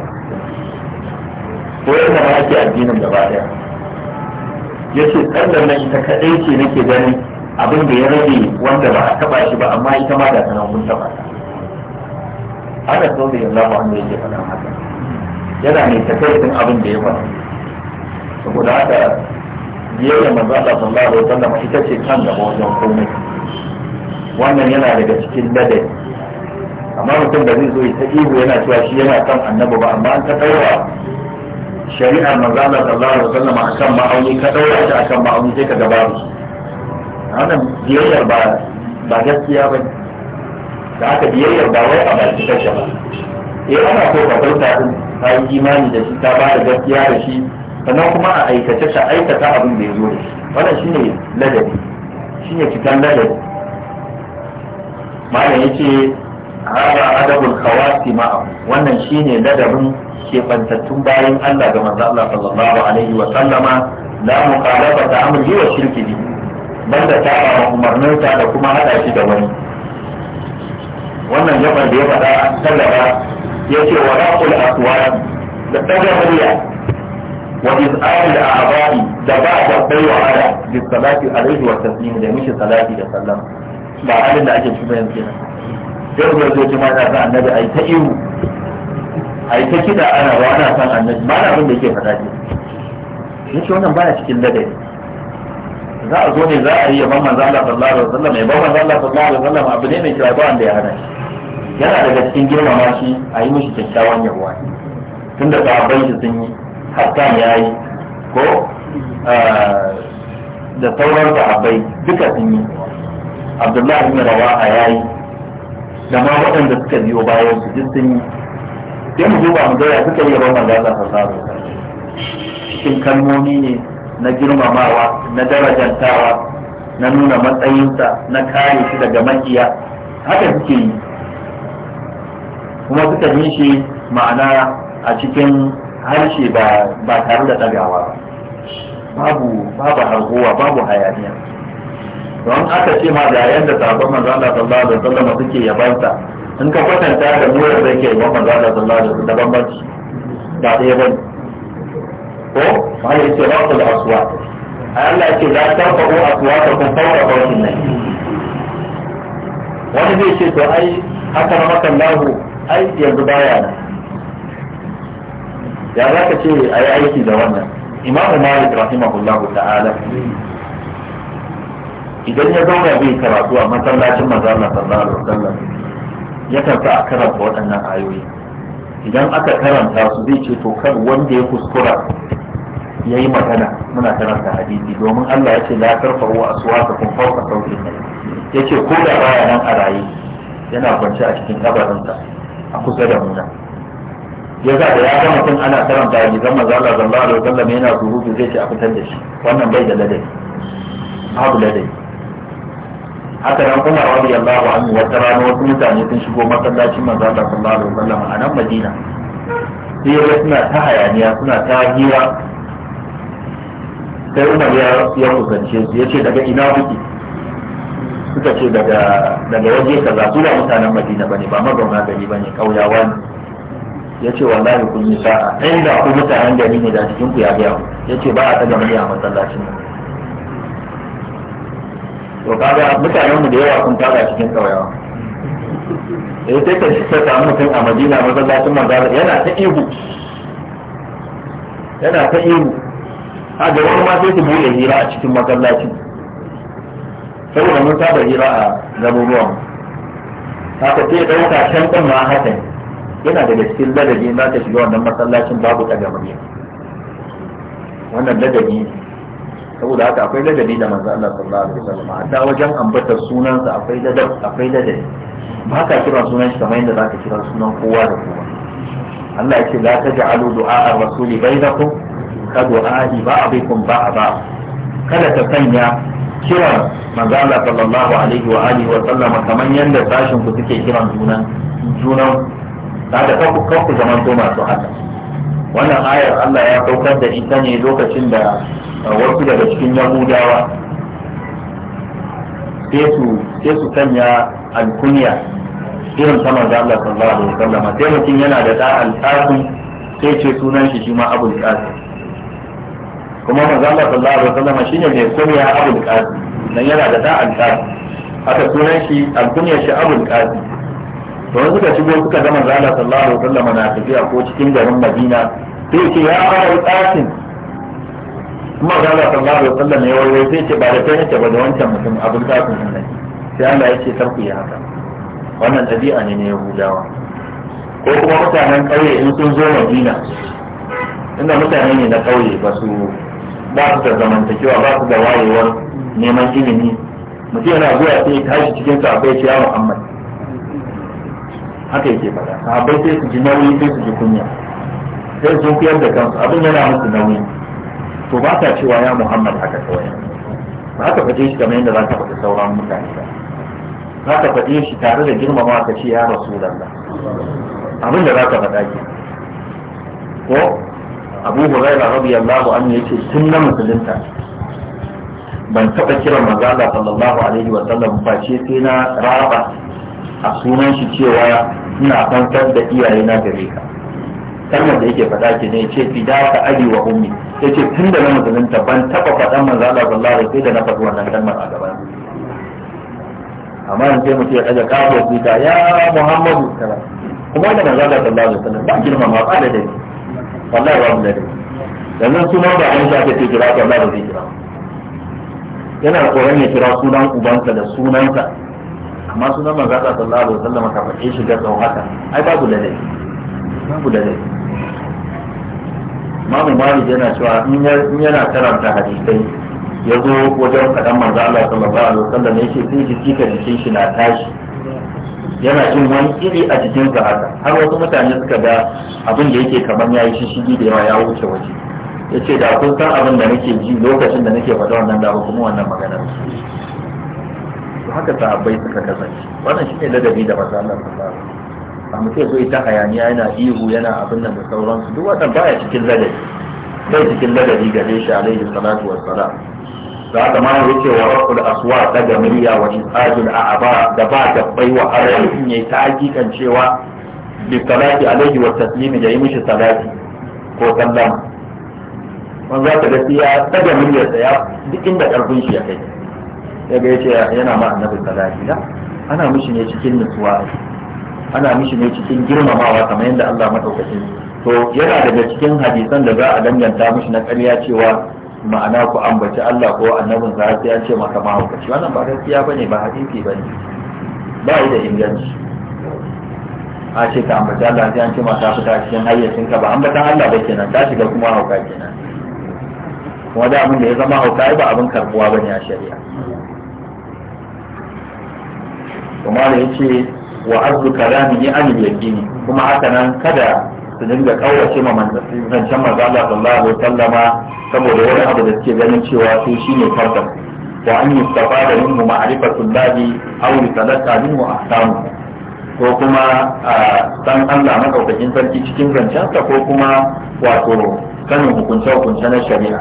ko yadda ma ake addinin gaba daya ya ce tsallar na ita kaɗai ce nake gani abin da ya rage wanda ba a taɓa shi ba amma ita ma da sanar mun taɓa ta ana so da yalla ba wanda yake faɗan haka yana mai takaicin abin da ya faɗa saboda haka biyayya manzo Allah sallallahu alaihi wasallam ita ce kan gaba wajen komai wannan yana daga cikin ladabi amma mutum da zai zo ya ta ihu yana cewa shi yana kan annabi ba amma an ta kaiwa shari'ar manzala sallallahu alaihi wasallam kan ma'auni ka daura shi kan ma'auni sai ka gaba su wannan biyayyar ba ba gaskiya ba da aka biyayyar ba wai a baki kashe ba eh ana so ka furta din ta yi imani da shi ta ba da gaskiya da shi sannan kuma a aikace ka aikata abin da ya zo da shi wannan shine ladabi ne cikan ladabi malam ce hada adabul khawasi ma'a wannan shine ladabin kebantattun bayan Allah ga manzo Allah sallallahu alaihi wa sallama la muqalaba ta amri wa shirki bi banda ta ba umarnin ta da kuma hada shi da wani wannan yaban da ya faɗa sallama yace wa raqul aswat da daga murya wa iz'al al-a'dha'i da ba da baiwa ala bi salati alaihi wa taslim da mishi salati da sallama ba halin da ake cikin yanzu kenan Yau da yanzu ma na san annabi a yi ta ihu yi ta kiɗa, ana ba ana san annabi ba na abin da yake faɗa ce yace wannan baya cikin ladabi za a zo ne za a yi yaban manzo Allah sallallahu alaihi wasallam yaban manzo Allah sallallahu alaihi wasallam abu ne mai kyau ba wanda ya hana shi yana daga cikin girmama shi a yi mishi kyakkyawan yawa tunda sahabbai shi sun yi Hassan ya yi ko da sauran sahabbai duka sun yi Abdullahi bin Rawaha ya yi da ma waɗanda suka biyo bayan su duk sun yi sai mu duba mu gaya suka yi roman gaza fasaha cikin kalmomi ne na girmamawa na darajantawa na nuna matsayinsa na kare shi daga makiya haka suke yi kuma suka yi shi ma'ana a cikin harshe ba tare da ɗagawa babu babu hargowa babu hayaniya don aka ce ma ga yadda sabon manzo Allah sallallahu alaihi wasallam suke yabanta in ka kwatanta da mu da yake yabon manzo Allah sallallahu alaihi wasallam da bambanci da ɗaya bane ko wani yake da aswa Allah yake za ta fa'u aswa ta kun fara bautin nan wani zai ce to ai haka makan lahu ai yanzu baya nan ya za ka ce a yi aiki da wannan imamu malik rahimahullahu ta'ala idan ya zauna zai karatu a masallacin mazana Sallar sallallahu alaihi wasallam yakan sa a karanta waɗannan ayoyi idan aka karanta su zai ce to kar wanda ya kuskura ya yi magana muna karanta hadisi domin Allah ya ce la kun fauka fawqa sautin ya ce ko da baya nan a raye yana kwance a cikin kabarinsa a kusa da muna ya za da ya ga mutum ana karanta hadisan manzo Allah sallallahu alaihi wasallam yana zuhubi zai ce a fitar da shi wannan bai da ladai babu ladai haka nan kuma Umar radiyallahu anhu wata rana wasu mutane sun shigo masallacin manzo Allah sallallahu alaihi wasallam a nan Madina sai ya suna ta hayaniya suna ta hira sai Umar ya ya kusance su yace daga ina kuke suka ce daga daga waje kaza su da mutanen Madina bane ba mazauna gari bane kauyawa ne ya ce wallahi kun yi sa'a ɗaya da ku mutanen gari ne da cikin ku ya biya ya ce ba a taga murya a masallacin nan to kaga mutane mu da yawa sun fara cikin kauyawa eh sai ka ta samu mutum a Madina masallacin manzara yana ta ihu yana ta ihu a da wani ma sai su bude hira a cikin masallacin saboda mun saba hira a garuruwan haka sai ɗauka shan ɗan ma haka yana daga cikin ladabi za ta shiga wannan masallacin babu ɗaga murya wannan ladabi ne saboda haka akwai ladabi da manzo Allah sallallahu alaihi wasallam hatta wajen ambatar sunansa akwai ladab akwai ladabi ba ka kira sunan shi kamar yadda zaka kira sunan kowa da kowa Allah yake ce la taj'alu du'a ar-rasuli bainakum ka du'a ba'dikum ba'da kada ta sanya kiran manzo Allah sallallahu alaihi wa alihi wa kamar yadda sashin ku suke kiran sunan, junan da ka ku ku zaman to masu haka wannan ayar Allah ya saukar da ita ne lokacin da wasu daga cikin yahudawa sai su sai su sanya alkuniya irin ta manzo Allah sallallahu alaihi wasallam sai mutum yana da da alqasim sai ce sunan shi shi ma abul qasim kuma manzo Allah sallallahu alaihi wasallam shine mai kunya abul qasim dan yana da da alqasim aka sunan shi Alkuniya shi abul qasim to wanda suka shigo suka ga manzo Allah sallallahu alaihi wasallam na tafiya ko cikin garin Madina sai ce ya abul qasim kuma ga Allah sallallahu alaihi wasallam ya warware sai ce ba da kai yake ba da wancan mutum abin kafin nan sai Allah ya ce tarku ya haka wannan ɗabi'a ne na Yahudawa ko kuma mutanen ƙauye in sun zo Madina inda mutane ne na ƙauye ba su ba su da zamantakewa ba su da wayewar neman ilimi mutum yana zuwa sai ya tashi cikin bai ce ya Muhammad haka yake faɗa sahabbai sai su ji nauyi sai su ji kunya sai su kuyar da kansu abin yana musu nauyi to ba ta cewa ya muhammad haka kawai ba ka faɗe shi kamar yadda za ka faɗi sauran mutane ba za ka faɗe shi tare da girmama ka ce ya rasu lalla abin da za ka faɗa ke ko abu huraira radiyallahu ya ce tun na musulunta ban taɓa kiran manzo sallallahu alaihi wa sallam ba face sai na raba a sunan shi cewa ina fantar da iyayena gare ka kalmar da yake faɗa ki ne ce fi da fidaka ajiye wa ummi ce tun da na musulunta ban taba faɗan manzo Allah sallallahu alaihi sai da na faɗi wannan kalmar a gaban amma in sai mutum ya kaje kawo ya ya Muhammadu kuma da manzo Allah sallallahu alaihi wasallam ba girma ma ba da dai wallahi ba mu da dai yanzu sunan da Aisha take kira ta Allah da kira yana koran ya kira sunan ubansa da sunansa amma sunan manzo Allah sallallahu alaihi wasallam ka faɗe shi ga tsawon haka ai babu da dai babu da dai mamu malik yana cewa in yana karanta hadisai ya zo wajen kaɗan manzo Allah sallallahu alaihi wasallam ya ce sun jiki ka jikin shi na tashi yana jin wani iri a jikin sa haka har wasu mutane suka ga abin da yake kamar yayi shishigi da yawa ya wuce waje yace da kun san abin da nake ji lokacin da nake faɗa wannan da kuma wannan maganar to haka sahabbai suka kasance wannan shine ladabi da manzo Allah sallallahu alaihi wasallam ba mutum zai ita hayaniya yana ihu yana abin nan da sauransu duk wannan baya cikin ladabi bai cikin ladabi dai shi alaihi salatu wassalam da haka ma yi cewa rabbul aswa daga murya wa isajul a'aba da ba da baiwa arzikin yayi ta hakikan cewa bi salati alaihi wa taslimi da yi mishi salati ko sallama wanda za ka ga ya daga muryarsa ya duk inda karfin shi ya kai ya ga yace yana ma annabi salati da ana mishi ne cikin nutsuwa ana mishi ne cikin girmamawa kamar yadda Allah madaukakin to yana daga cikin hadisan da za a danganta mishi na ƙarya cewa ma'ana ku ambaci Allah ko annabin za sai an ce maka mahaukaci wannan ba gaskiya bane ba hadisi bane ba yi da inganci a ce ka ambaci Allah sai an ce maka fita cikin hayyacin ka ba ambatan Allah ba kenan ka shiga kuma hauka kenan kuma da abin da ya zama hauka ba abin karbuwa bane a shari'a kuma da yace wa arzu kalami yi anil yaqini kuma haka nan kada su dinga kaurace ma manzanci zancen manzo Allah sallallahu alaihi wasallama saboda wani abu da suke ganin cewa su shine farkon wa an yustafada minhu ma'rifatul lahi aw yutalaka minhu ahkamu ko kuma san Allah madaukakin sarki cikin zancensa ko kuma wato sanin hukunce hukunce na shari'a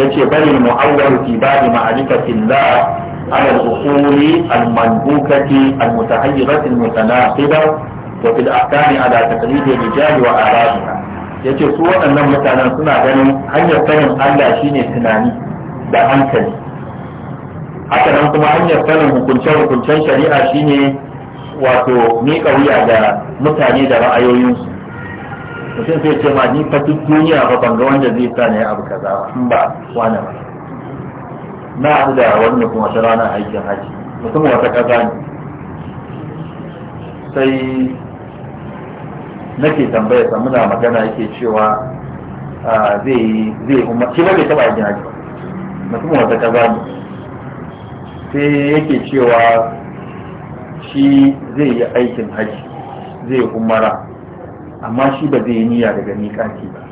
yace bari mu'awwal fi babi ma'rifatil da. على الأصول المنبوكة المتحيرة المتناقضة وفي الأحكام على تقليد الرجال وآرائها yace su waɗannan mutanen suna ganin hanyar sanin Allah shine tunani da hankali haka nan kuma hanyar sanin hukunce-hukuncen shari'a shine wato miƙa wuya ga mutane da ra'ayoyinsu mutum sai ce ma ni fa duk duniya ba ban ga wanda zai sa ne abu kaza ba in ba wani ba na abu da wani kuma wata rana aikin haji mutum wata ƙasa ne sai nake tambaya samu muna magana yake cewa zai zai umar shi ba bai taɓa aikin haji mutum wata ƙasa ne sai yake cewa shi zai yi aikin haji zai umara amma shi ba zai yi niyya daga miƙa ba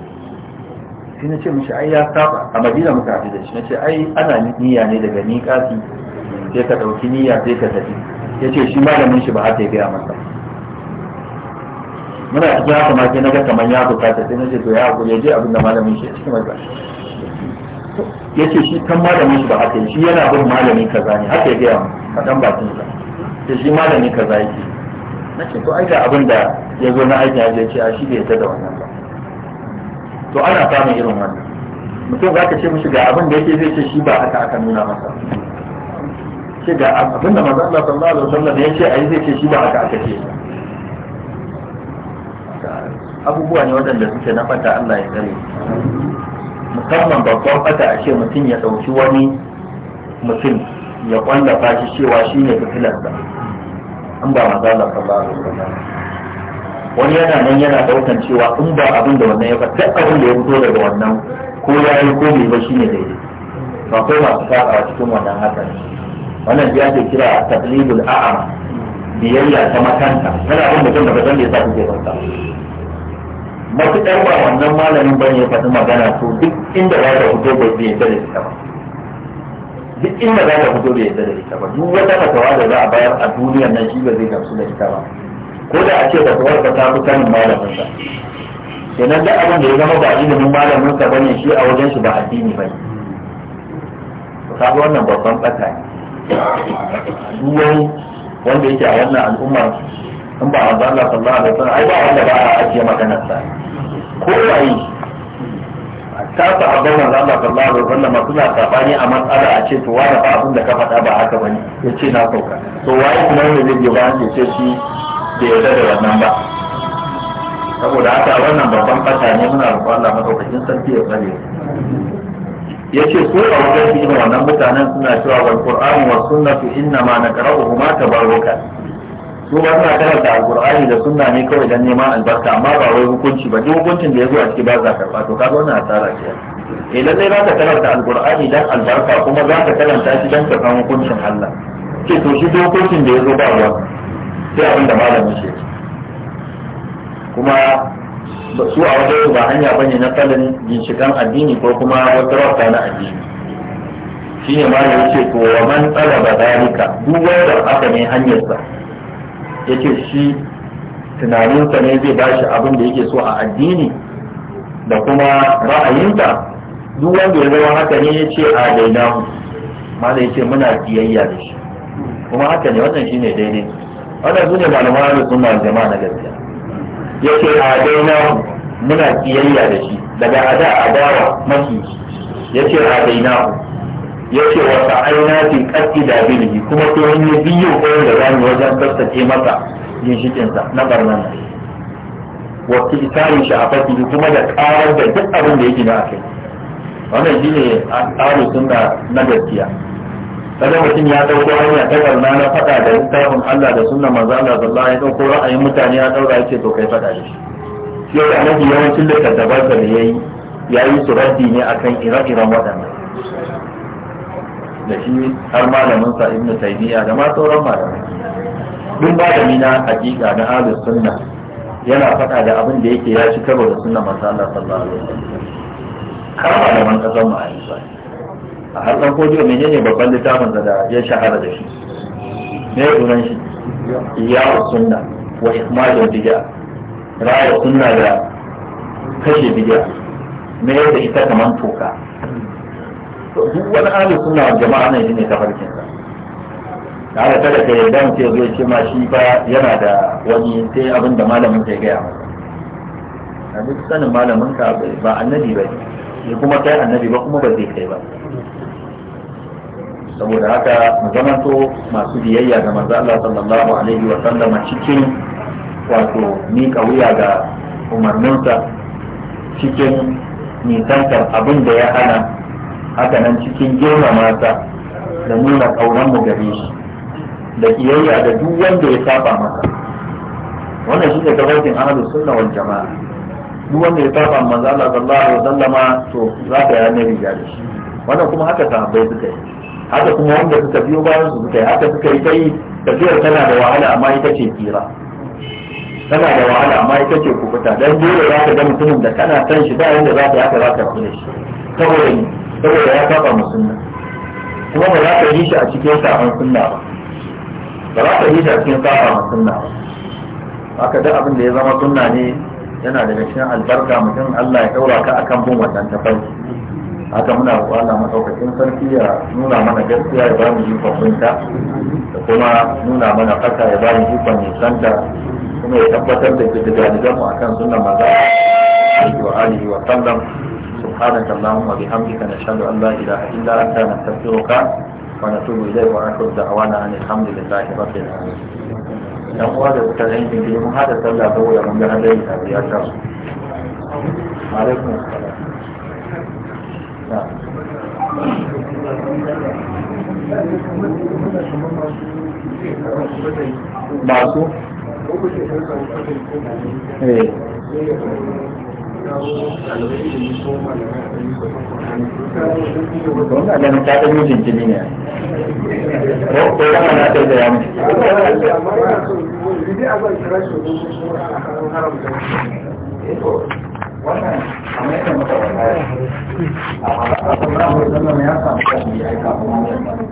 shi na ce mishi ai ya saba a madina muka haɗu da shi na ce ai ana niyya ne daga miƙati sai ka ɗauki niyya sai ka tafi ya ce shi malamin shi ba haka ya gaya masa muna cikin haka ma sai na ga kamar ya bukata sai na ce to ya haƙuri ya je abin da malamin shi ya cikin mai ya ce shi kan malamin shi ba haka shi yana bin malami kaza ne haka ya gaya ɗan bakin sa sai shi malami kaza yake na ce to aika abin da ya zo na aiki ya ce a shi bai yadda da wannan ba to ana samun irin wannan mutum za ka ce mishi ga abin da yake zai ce shi ba haka aka nuna masa ce ga abin da manzo Allah sallallahu alaihi wasallam ya ce ayi zai ce shi ba haka aka ce abubuwa ne waɗanda suke na fata Allah ya tsare musamman babban fata a ce mutum ya ɗauki wani mutum ya kwallafa shi cewa shi ne fitilarsa an ba manzo Allah sallallahu alaihi wasallam wani yana nan yana daukan cewa in ba abin da wannan ya ba duk abin da ya fito daga wannan ko ya yi ko bai ba shine daidai ba akwai masu saba cikin wannan hakan wannan ya ce kira taqlidul a'ama biyayya ta makanta kana abin mutum da ba zan da yasa kuke fanta matuƙar ba wannan malamin bane ya faɗi magana to duk inda za ta fito bai bai yadda da ita ba duk inda za ta fito bai yadda da ita ba duk wata fatawa da za a bayar a duniyar nan shi ba zai gamsu da ita ba ko da a ce ba kuwar ba ta fi sanin malamin sa kenan da abin da ya zama ba ilimin malamin sa bane shi a wajen shi ba addini bane kaga wannan babban tsaka ne duk wani wanda yake a wannan al'umma in ba Allah sallallahu alaihi wasallam ai ba wanda ba a ajiye maganar sa ko wai ta ta abin da Allah sallallahu alaihi wasallam suna sabani a matsala a ce to wani ba abin da ka faɗa ba haka bane yace na sauka to waye kuma ne zai ba ya ce shi bai yarda da wannan ba saboda haka wannan babban fata ne muna rufa Allah madaukakin sarki ya ya ce ko a wajen shi ne wannan mutanen suna cewa wal qur'an wa sunnatu inna ma naqra'uhu ma tabarruka su ba suna karanta alqur'ani da sunna ne kawai dan neman albarka amma ba wai hukunci ba duk hukuncin da ya zo a ciki ba za ka karba to ka ga wannan asara ce eh lalle za ka karanta alqur'ani dan albarka kuma za ka karanta shi dan ka san hukuncin Allah ce to shi dokokin da ya zo ba ruwa sai abin da malamin shi kuma su a wajen ba hanya bane na sanin ginshikan addini ko kuma wata rafta na addini shine ma ya ce to wa man talaba dalika duk wanda aka ne hanyarsa yace shi tunaninsa ne zai shi abin da yake so a addini da kuma ra'ayinsa duk wanda ya zama haka ne ya ce a daina mu ma da ya ce muna biyayya da shi kuma haka ne wannan shine daidai wannan su ne da suna jama'a na gaskiya yake a daina muna kiyayya da shi daga ada adawa mafi yace a daina yace wa aina fi qatti da bilhi kuma to wani biyo ko da zamu wajen tsaftace masa ginshikin sa na barnan wa kitari shafati kuma da karar da duk abin da yake na akai wannan shine a tsaro na gaskiya kaga mutum ya dauko hanya ta garna na fada da littafin Allah da sunna manzo Allah sallallahu alaihi wasallam ya dauko ra'ayin mutane ya daura to kai fada da shi yau da annabi yawancin littattafan da yayi yayi su ne akan ire-iren waɗannan da shi har malamin sa ibnu taymiya da ma sauran malamai duk malami na hakika na ahlus sunna yana fada da abin da yake ya ci karo da sunna manzo Allah sallallahu alaihi wasallam har malaman kasan mu a A har ɗan kodiyo menene babban littafin da ya shahara da shi me sunan shi iyawa sunna wa ikmalin bid'a raya sunna da kashe bid'a me da ita kaman toka duk wani ahli suna jama'a nan shine tafarkin sa da aka kada ka yarda mu ce zai ce ma shi ba yana da wani sai abin da malamin ya gaya masa a duk sanin malamin ka ba annabi ba ne kuma kai annabi ba kuma ba zai kai ba saboda haka mu zamanto masu biyayya ga manzo Allah sallallahu alaihi wa sallama cikin wato ni wuya ga umarninsa cikin nisantar abin da ya hana haka nan cikin girmama sa da nuna kauran mu gare shi da kiyayya da duk wanda ya saba maka. wannan shi ne gabatin ahlus sunna wal jama'a duk wanda ya saba manzo Allah sallallahu alaihi wa sallama to za ka yi riga da shi wannan kuma haka sahabbai suka yi haka kuma wanda suka biyo bayan su suka yi haka suka yi kai tafiyar tana da wahala amma ita ce tsira tana da wahala amma ita ce kubuta dan dole za ka ga mutumin da kana san shi ba yanda za ka haka za ka kula shi saboda ni saboda ya saba musulmi kuma ba za ka yi shi a cikin sabon sunna ba ba za ka yi shi a cikin saba sunna ba haka duk abin da ya zama sunna ne yana daga cikin albarka mutum Allah ya daura ka akan bin wannan tafarki haka muna kwana masaukakin sarki ya nuna mana gaskiya ya bani ikon binta da kuma nuna mana kasa ya bani ikon nisanta kuma ya tabbatar da gidi da gidan mu akan sunan maza a yi wa alihi wa sallam subhanahu wa ta'ala wa shanu nashhadu an la ilaha illa anta nastaghfiruka wa natubu ilayka wa nashkuru da'wana alhamdulillahi rabbil alamin dan uwa da kuka zai yi bincike mun hada sallah saboda mun ga hadari ta biya ta su. Alaikum salam. ba su eh. Wanda wannan a mai da mata wata ya samu kan ya yi kafin